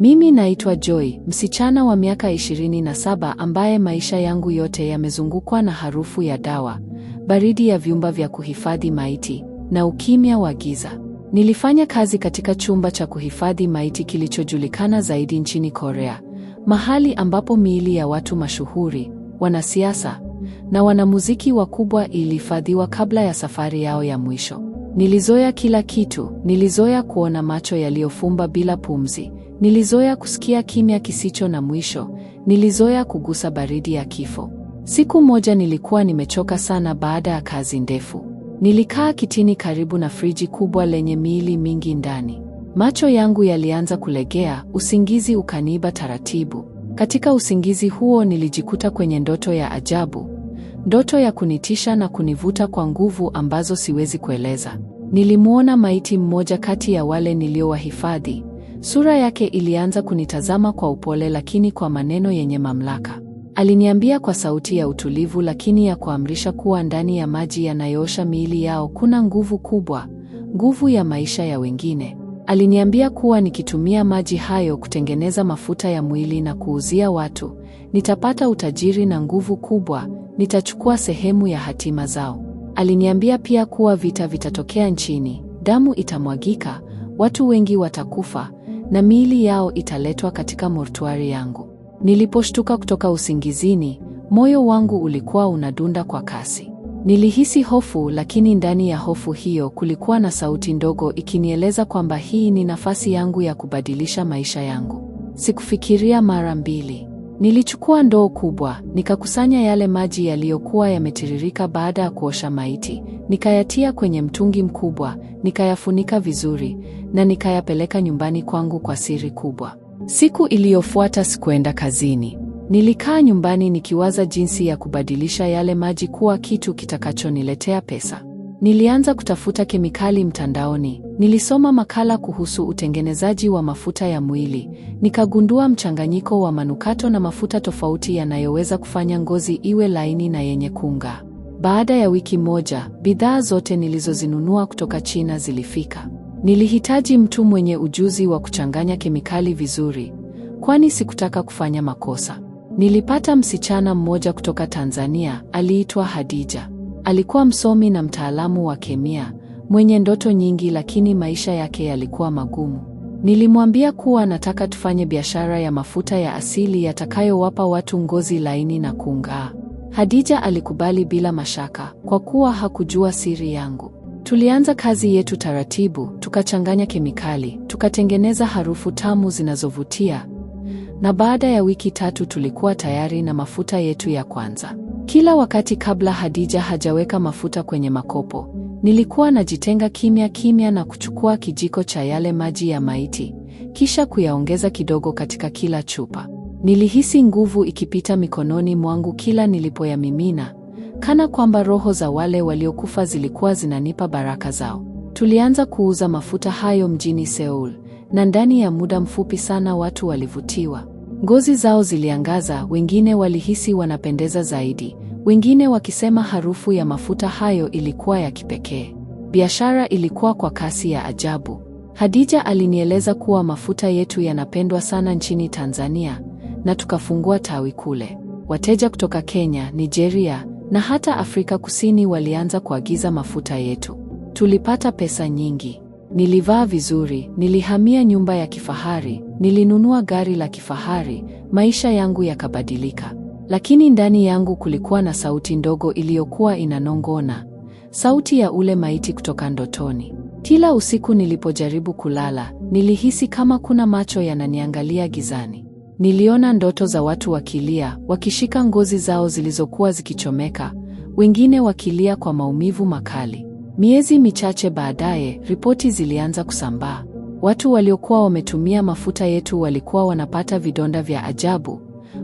Mimi naitwa Joy, msichana wa miaka 27 ambaye maisha yangu yote yamezungukwa na harufu ya dawa, baridi ya vyumba vya kuhifadhi maiti na ukimya wa giza. Nilifanya kazi katika chumba cha kuhifadhi maiti kilichojulikana zaidi nchini Korea, mahali ambapo miili ya watu mashuhuri, wanasiasa na wanamuziki wakubwa ilihifadhiwa kabla ya safari yao ya mwisho. Nilizoea kila kitu, nilizoea kuona macho yaliyofumba bila pumzi Nilizoea kusikia kimya kisicho na mwisho, nilizoea kugusa baridi ya kifo. Siku moja nilikuwa nimechoka sana baada ya kazi ndefu. Nilikaa kitini karibu na friji kubwa lenye miili mingi ndani. Macho yangu yalianza kulegea, usingizi ukaniba taratibu. Katika usingizi huo nilijikuta kwenye ndoto ya ajabu, ndoto ya kunitisha na kunivuta kwa nguvu ambazo siwezi kueleza. Nilimwona maiti mmoja kati ya wale niliowahifadhi, Sura yake ilianza kunitazama kwa upole lakini kwa maneno yenye mamlaka. Aliniambia kwa sauti ya utulivu lakini ya kuamrisha kuwa ndani ya maji yanayoosha miili yao kuna nguvu kubwa, nguvu ya maisha ya wengine. Aliniambia kuwa nikitumia maji hayo kutengeneza mafuta ya mwili na kuuzia watu, nitapata utajiri na nguvu kubwa, nitachukua sehemu ya hatima zao. Aliniambia pia kuwa vita vitatokea nchini, damu itamwagika, watu wengi watakufa, na miili yao italetwa katika mortuari yangu. Niliposhtuka kutoka usingizini, moyo wangu ulikuwa unadunda kwa kasi. Nilihisi hofu, lakini ndani ya hofu hiyo kulikuwa na sauti ndogo ikinieleza kwamba hii ni nafasi yangu ya kubadilisha maisha yangu. Sikufikiria mara mbili. Nilichukua ndoo kubwa, nikakusanya yale maji yaliyokuwa yametiririka baada ya kuosha maiti, nikayatia kwenye mtungi mkubwa, nikayafunika vizuri na nikayapeleka nyumbani kwangu kwa siri kubwa. Siku iliyofuata sikuenda kazini. Nilikaa nyumbani nikiwaza jinsi ya kubadilisha yale maji kuwa kitu kitakachoniletea pesa. Nilianza kutafuta kemikali mtandaoni. Nilisoma makala kuhusu utengenezaji wa mafuta ya mwili, nikagundua mchanganyiko wa manukato na mafuta tofauti yanayoweza kufanya ngozi iwe laini na yenye kunga. Baada ya wiki moja, bidhaa zote nilizozinunua kutoka China zilifika. Nilihitaji mtu mwenye ujuzi wa kuchanganya kemikali vizuri, kwani sikutaka kufanya makosa. Nilipata msichana mmoja kutoka Tanzania, aliitwa Hadija. Alikuwa msomi na mtaalamu wa kemia mwenye ndoto nyingi, lakini maisha yake yalikuwa magumu. Nilimwambia kuwa nataka tufanye biashara ya mafuta ya asili yatakayowapa watu ngozi laini na kung'aa. Hadija alikubali bila mashaka, kwa kuwa hakujua siri yangu. Tulianza kazi yetu taratibu, tukachanganya kemikali, tukatengeneza harufu tamu zinazovutia, na baada ya wiki tatu tulikuwa tayari na mafuta yetu ya kwanza. Kila wakati kabla Hadija hajaweka mafuta kwenye makopo, nilikuwa najitenga kimya kimya na kuchukua kijiko cha yale maji ya maiti, kisha kuyaongeza kidogo katika kila chupa. Nilihisi nguvu ikipita mikononi mwangu kila nilipoyamimina, kana kwamba roho za wale waliokufa zilikuwa zinanipa baraka zao. Tulianza kuuza mafuta hayo mjini Seoul, na ndani ya muda mfupi sana watu walivutiwa. Ngozi zao ziliangaza, wengine walihisi wanapendeza zaidi, wengine wakisema harufu ya mafuta hayo ilikuwa ya kipekee. Biashara ilikuwa kwa kasi ya ajabu. Hadija alinieleza kuwa mafuta yetu yanapendwa sana nchini Tanzania na tukafungua tawi kule. Wateja kutoka Kenya, Nigeria na hata Afrika Kusini walianza kuagiza mafuta yetu. Tulipata pesa nyingi. Nilivaa vizuri, nilihamia nyumba ya kifahari, nilinunua gari la kifahari, maisha yangu yakabadilika. Lakini ndani yangu kulikuwa na sauti ndogo iliyokuwa inanongona, sauti ya ule maiti kutoka ndotoni. Kila usiku nilipojaribu kulala, nilihisi kama kuna macho yananiangalia gizani. Niliona ndoto za watu wakilia, wakishika ngozi zao zilizokuwa zikichomeka, wengine wakilia kwa maumivu makali. Miezi michache baadaye, ripoti zilianza kusambaa. Watu waliokuwa wametumia mafuta yetu walikuwa wanapata vidonda vya ajabu,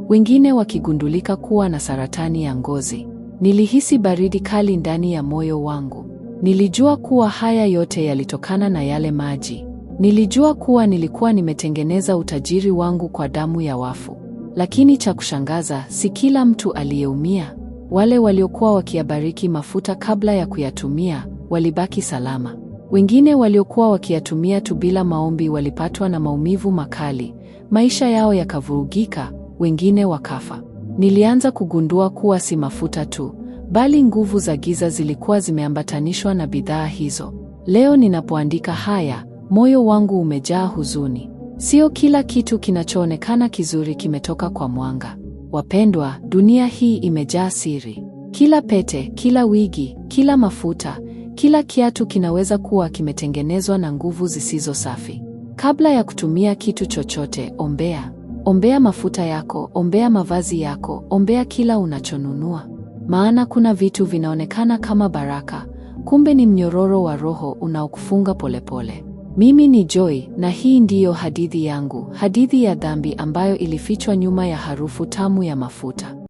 wengine wakigundulika kuwa na saratani ya ngozi. Nilihisi baridi kali ndani ya moyo wangu. Nilijua kuwa haya yote yalitokana na yale maji. Nilijua kuwa nilikuwa nimetengeneza utajiri wangu kwa damu ya wafu. Lakini cha kushangaza, si kila mtu aliyeumia. Wale waliokuwa wakiyabariki mafuta kabla ya kuyatumia walibaki salama. Wengine waliokuwa wakiyatumia tu bila maombi walipatwa na maumivu makali, maisha yao yakavurugika, wengine wakafa. Nilianza kugundua kuwa si mafuta tu, bali nguvu za giza zilikuwa zimeambatanishwa na bidhaa hizo. Leo ninapoandika haya, moyo wangu umejaa huzuni. Sio kila kitu kinachoonekana kizuri kimetoka kwa mwanga. Wapendwa, dunia hii imejaa siri. Kila pete, kila wigi, kila mafuta kila kiatu kinaweza kuwa kimetengenezwa na nguvu zisizo safi. Kabla ya kutumia kitu chochote, ombea. Ombea mafuta yako, ombea mavazi yako, ombea kila unachonunua. Maana kuna vitu vinaonekana kama baraka, kumbe ni mnyororo wa roho unaokufunga polepole. Mimi ni Joy na hii ndiyo hadithi yangu, hadithi ya dhambi ambayo ilifichwa nyuma ya harufu tamu ya mafuta.